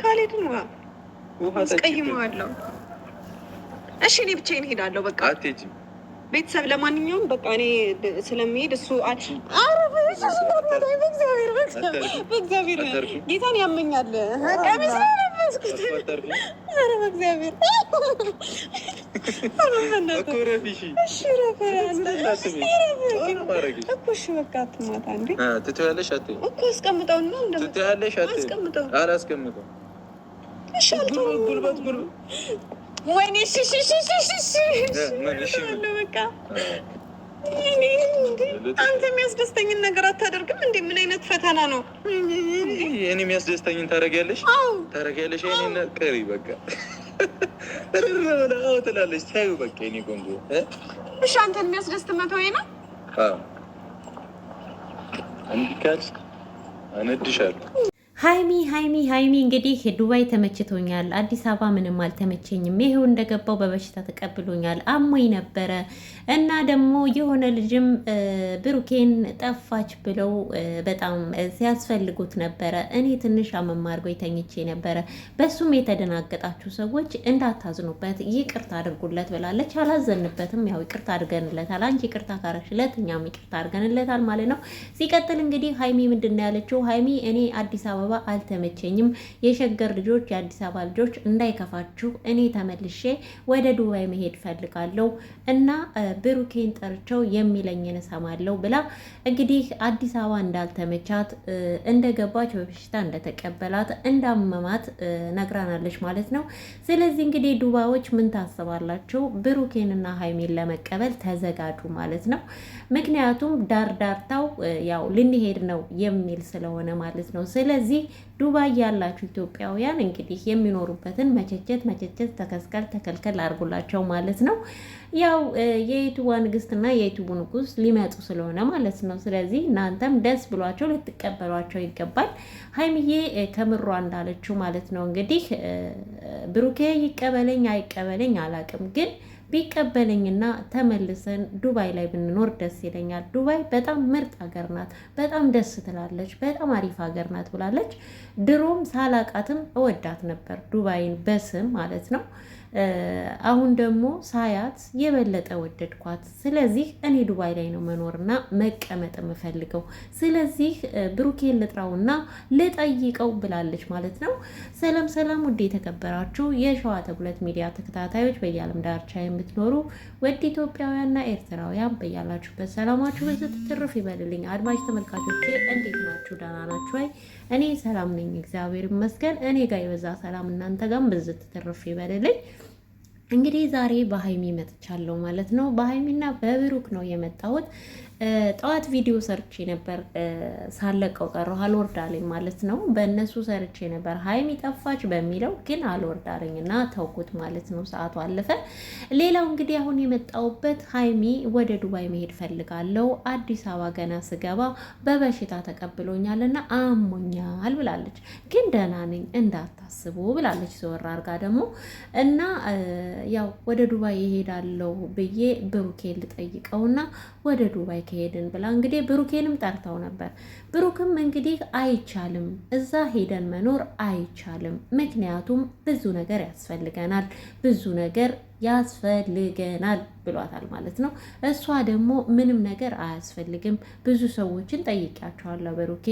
ካልሄድን አስቀይመዋለሁ። እሺ እኔ ብቻዬን እሄዳለሁ። በቃ ቤተሰብ ለማንኛውም በቃ እኔ ስለሚሄድ እሱ በእግዚአብሔር በእግዚአብሔር ጌታን ያመኛል ቀሚስ በእግዚአብሔር አንተ የሚያስደስተኝን ነገር አታደርግም እንዴ? ምን አይነት ፈተና ነው? እኔ የሚያስደስተኝን ታደርጊያለሽ ታደርጊያለሽ። እኔ ቀሪ በቃ ትላለች። ታዩ በቃ ኔ ጎንጎ። እሺ አንተን የሚያስደስት መቶ ነው እንዲህ ካልሽ አነድሻለሁ። ሀይሚ ሀይሚ ሀይሚ እንግዲህ ዱባይ ተመችቶኛል፣ አዲስ አበባ ምንም አልተመቸኝም፣ ይሄው እንደገባው በበሽታ ተቀብሎኛል፣ አሞኝ ነበረ እና ደግሞ የሆነ ልጅም ብሩኬን ጠፋች ብለው በጣም ሲያስፈልጉት ነበረ። እኔ ትንሽ አመማርጎ ተኝቼ ነበረ። በሱም የተደናገጣችሁ ሰዎች እንዳታዝኑበት፣ ይቅርታ አድርጉለት ብላለች። አላዘንበትም፣ ያው ይቅርታ አድርገንለታል። አንቺ ይቅርታ ካረግሽለት እኛም ይቅርታ አድርገንለታል ማለት ነው። ሲቀጥል እንግዲህ ሀይሚ ምንድን ነው ያለችው? ሀይሚ እኔ አዲስ አበባ አበባ አልተመቸኝም። የሸገር ልጆች፣ የአዲስ አበባ ልጆች እንዳይከፋችሁ፣ እኔ ተመልሼ ወደ ዱባይ መሄድ ፈልጋለሁ እና ብሩኬን ጠርቸው የሚለኝን እሰማለሁ ብላ እንግዲህ አዲስ አበባ እንዳልተመቻት እንደገባች በበሽታ እንደተቀበላት እንዳመማት ነግራናለች ማለት ነው። ስለዚህ እንግዲህ ዱባዮች ምን ታስባላችሁ? ብሩኬንና ሀይሜን ለመቀበል ተዘጋጁ ማለት ነው። ምክንያቱም ዳርዳርታው ያው ልንሄድ ነው የሚል ስለሆነ ማለት ነው። ስለዚህ ዱባይ ያላችሁ ኢትዮጵያውያን እንግዲህ የሚኖሩበትን መቸቸት መቸቸት ተከስከል ተከልከል አድርጉላቸው ማለት ነው። ያው የዩቱቡ ንግስትና የዩቱቡ ንጉስ ሊመጡ ስለሆነ ማለት ነው። ስለዚህ እናንተም ደስ ብሏቸው ልትቀበሏቸው ይገባል። ሀይምዬ ከምሯ እንዳለችው ማለት ነው እንግዲህ ብሩኬ ይቀበለኝ አይቀበለኝ አላቅም ግን ቢቀበለኝና ተመልሰን ዱባይ ላይ ብንኖር ደስ ይለኛል። ዱባይ በጣም ምርጥ ሀገር ናት፣ በጣም ደስ ትላለች፣ በጣም አሪፍ ሀገር ናት ብላለች። ድሮም ሳላቃትም እወዳት ነበር ዱባይን በስም ማለት ነው። አሁን ደግሞ ሳያት የበለጠ ወደድኳት። ስለዚህ እኔ ዱባይ ላይ ነው መኖርና መቀመጥ የምፈልገው። ስለዚህ ብሩኬን ልጥራውና ልጠይቀው ብላለች ማለት ነው። ሰላም ሰላም፣ ውድ የተከበራችሁ የሸዋ ተጉለት ሚዲያ ተከታታዮች በየዓለም ዳርቻ የምትኖሩ ውድ ኢትዮጵያውያንና ኤርትራውያን በያላችሁበት ሰላማችሁ ብዙ ትርፍ ይበልልኝ። አድማጭ ተመልካቾቼ እንዴት ናችሁ? ደህና ናችሁ ወይ? እኔ ሰላም ነኝ፣ እግዚአብሔር ይመስገን። እኔ ጋር የበዛ ሰላም እናንተ ጋርም ብዝት ትርፍ ይበልልኝ። እንግዲህ ዛሬ በሀይሚ መጥቻለሁ ማለት ነው። በሀይሚና በብሩክ ነው የመጣሁት። ጠዋት ቪዲዮ ሰርቼ ነበር፣ ሳለቀው ቀረሁ። አልወርዳለኝ ማለት ነው። በእነሱ ሰርቼ ነበር ሀይሚ ጠፋች በሚለው ግን አልወርዳለኝ እና ተውኩት ማለት ነው። ሰዓቱ አለፈ። ሌላው እንግዲህ አሁን የመጣውበት ሀይሚ ወደ ዱባይ መሄድ ፈልጋለሁ፣ አዲስ አበባ ገና ስገባ በበሽታ ተቀብሎኛል እና አሞኛል ብላለች። ግን ደህና ነኝ እንዳታስቡ ብላለች። ዘወር አድርጋ ደግሞ እና ያው ወደ ዱባይ ይሄዳለው ብዬ ብሩኬል ልጠይቀውና ወደ ዱባይ ከሄድን ብላ እንግዲህ ብሩኬንም ጠርተው ነበር። ብሩክም እንግዲህ አይቻልም፣ እዛ ሄደን መኖር አይቻልም፣ ምክንያቱም ብዙ ነገር ያስፈልገናል፣ ብዙ ነገር ያስፈልገናል ብሏታል ማለት ነው። እሷ ደግሞ ምንም ነገር አያስፈልግም፣ ብዙ ሰዎችን ጠይቂያቸዋለሁ፣ ብሩኬ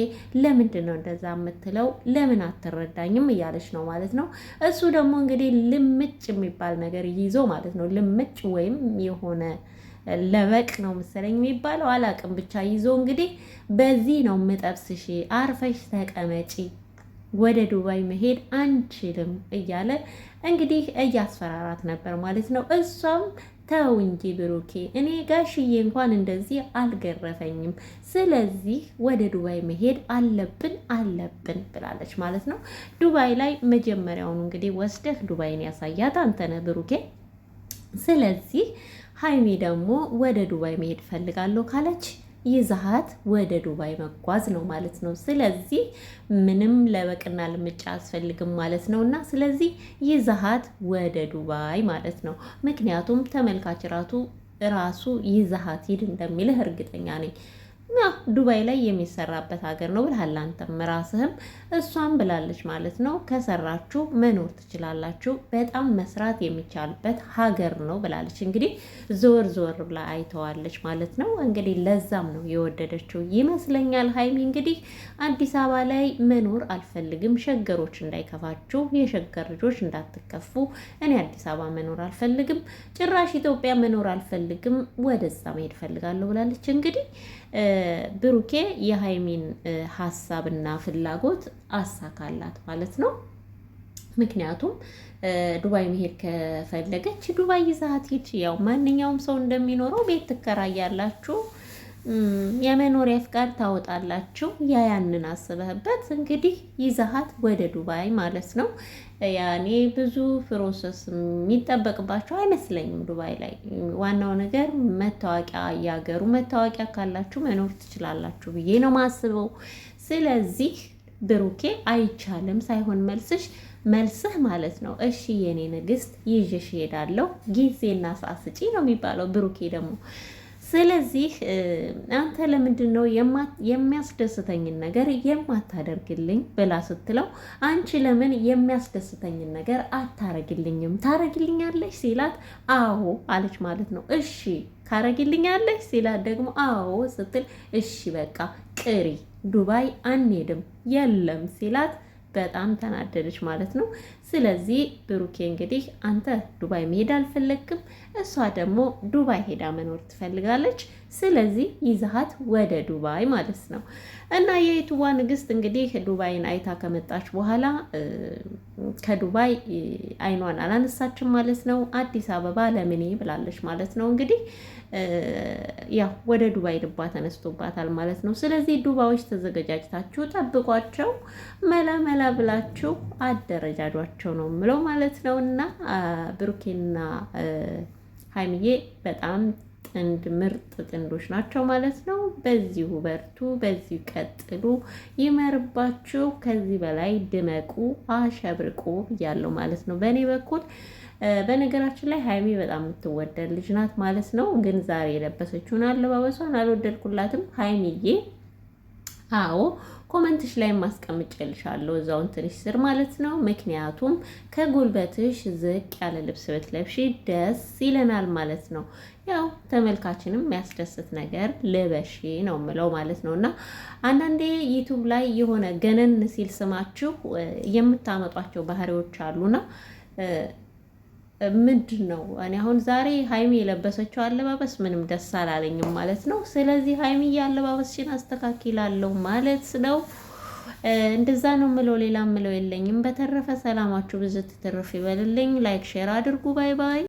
ለምንድን ነው እንደዛ የምትለው? ለምን አትረዳኝም? እያለች ነው ማለት ነው። እሱ ደግሞ እንግዲህ ልምጭ የሚባል ነገር ይዞ ማለት ነው ልምጭ ወይም የሆነ ለበቅ ነው መሰለኝ የሚባለው አላቅም። ብቻ ይዞ እንግዲህ በዚህ ነው ምጠብስሽ፣ አርፈሽ ተቀመጪ፣ ወደ ዱባይ መሄድ አንችልም እያለ እንግዲህ እያስፈራራት ነበር ማለት ነው። እሷም ተው እንጂ ብሩኬ፣ እኔ ጋሽዬ እንኳን እንደዚህ አልገረፈኝም። ስለዚህ ወደ ዱባይ መሄድ አለብን አለብን ብላለች ማለት ነው። ዱባይ ላይ መጀመሪያውኑ እንግዲህ ወስደህ ዱባይን ያሳያት አንተ ነህ ብሩኬ። ስለዚህ ሀይሚ ደግሞ ወደ ዱባይ መሄድ ፈልጋለሁ ካለች ይዛሃት ወደ ዱባይ መጓዝ ነው ማለት ነው። ስለዚህ ምንም ለበቅና ልምጫ አስፈልግም ማለት ነው እና ስለዚህ ይዛሃት ወደ ዱባይ ማለት ነው። ምክንያቱም ተመልካች ራቱ ራሱ ይዛሃት ሂድ እንደሚልህ እርግጠኛ ነኝ። ዱባይ ላይ የሚሰራበት ሀገር ነው ብለሃል። አንተም ራስህም እሷም ብላለች ማለት ነው። ከሰራችሁ መኖር ትችላላችሁ፣ በጣም መስራት የሚቻልበት ሀገር ነው ብላለች። እንግዲህ ዞር ዞር ብላ አይተዋለች ማለት ነው። እንግዲህ ለዛም ነው የወደደችው ይመስለኛል። ሀይሚ እንግዲህ አዲስ አበባ ላይ መኖር አልፈልግም፣ ሸገሮች እንዳይከፋችሁ፣ የሸገር ልጆች እንዳትከፉ፣ እኔ አዲስ አበባ መኖር አልፈልግም፣ ጭራሽ ኢትዮጵያ መኖር አልፈልግም፣ ወደዛ መሄድ ፈልጋለሁ ብላለች እንግዲህ ብሩኬ የሀይሚን ሀሳብና ፍላጎት አሳካላት ማለት ነው። ምክንያቱም ዱባይ መሄድ ከፈለገች ዱባይ ይዛት ይች ያው ማንኛውም ሰው እንደሚኖረው ቤት ትከራያላችሁ። የመኖሪያ ፍቃድ ታወጣላችሁ። ያ ያንን አስበህበት እንግዲህ ይዛሃት ወደ ዱባይ ማለት ነው። ያኔ ብዙ ፕሮሰስ የሚጠበቅባቸው አይመስለኝም ዱባይ ላይ። ዋናው ነገር መታወቂያ፣ ያገሩ መታወቂያ ካላችሁ መኖር ትችላላችሁ ብዬ ነው ማስበው። ስለዚህ ብሩኬ አይቻልም ሳይሆን መልስሽ መልስህ ማለት ነው። እሺ የኔ ንግስት ይዤሽ እሄዳለሁ ጊዜና ሰዓት ስጪ ነው የሚባለው ብሩኬ ደግሞ ስለዚህ አንተ ለምንድን ነው የሚያስደስተኝን ነገር የማታደርግልኝ ብላ ስትለው አንቺ ለምን የሚያስደስተኝን ነገር አታረግልኝም? ታረግልኛለሽ ሲላት አዎ አለች ማለት ነው። እሺ ታረግልኛለሽ ሲላት ደግሞ አዎ ስትል እሺ በቃ ቅሪ ዱባይ አንሄድም የለም ሲላት በጣም ተናደደች ማለት ነው። ስለዚህ ብሩኬ እንግዲህ አንተ ዱባይ መሄድ አልፈለግክም፣ እሷ ደግሞ ዱባይ ሄዳ መኖር ትፈልጋለች። ስለዚህ ይዛሃት ወደ ዱባይ ማለት ነው። እና የዩቱባ ንግስት እንግዲህ ዱባይን አይታ ከመጣች በኋላ ከዱባይ አይኗን አላነሳችም ማለት ነው። አዲስ አበባ ለምኔ ብላለች ማለት ነው። እንግዲህ ያው ወደ ዱባይ ልባ ተነስቶባታል ማለት ነው። ስለዚህ ዱባዮች ተዘገጃጅታችሁ ጠብቋቸው፣ መላ መላ ብላችሁ አደረጃጇቸው። ናቸው ነው የምለው ማለት ነው። እና ብሩኬና ሀይሚዬ በጣም ጥንድ ምርጥ ጥንዶች ናቸው ማለት ነው። በዚሁ በርቱ፣ በዚሁ ቀጥሉ፣ ይመርባችሁ፣ ከዚህ በላይ ድመቁ፣ አሸብርቁ እያለው ማለት ነው። በእኔ በኩል በነገራችን ላይ ሀይሚ በጣም የምትወደድ ልጅ ናት ማለት ነው። ግን ዛሬ የለበሰችውን አለባበሷን አልወደድኩላትም ሀይሚዬ አዎ ኮመንትሽ ላይ ማስቀምጨልሻለሁ እዛው እንትንሽ ስር ማለት ነው። ምክንያቱም ከጉልበትሽ ዝቅ ያለ ልብስ ብትለብሺ ደስ ይለናል ማለት ነው። ያው ተመልካችንም የሚያስደስት ነገር ልበሺ ነው የምለው ማለት ነው። እና አንዳንዴ ዩቱብ ላይ የሆነ ገነን ሲል ስማችሁ የምታመጧቸው ባህሪዎች አሉና ምንድን ነው እኔ አሁን ዛሬ ሀይሚ የለበሰችው አለባበስ ምንም ደስ አላለኝም ማለት ነው። ስለዚህ ሀይሚ የአለባበስሽን አስተካክላለሁ ማለት ነው። እንደዛ ነው ምለው፣ ሌላ ምለው የለኝም። በተረፈ ሰላማችሁ ብዙ ትትርፍ ይበልልኝ። ላይክ ሼር አድርጉ። ባይ ባይ።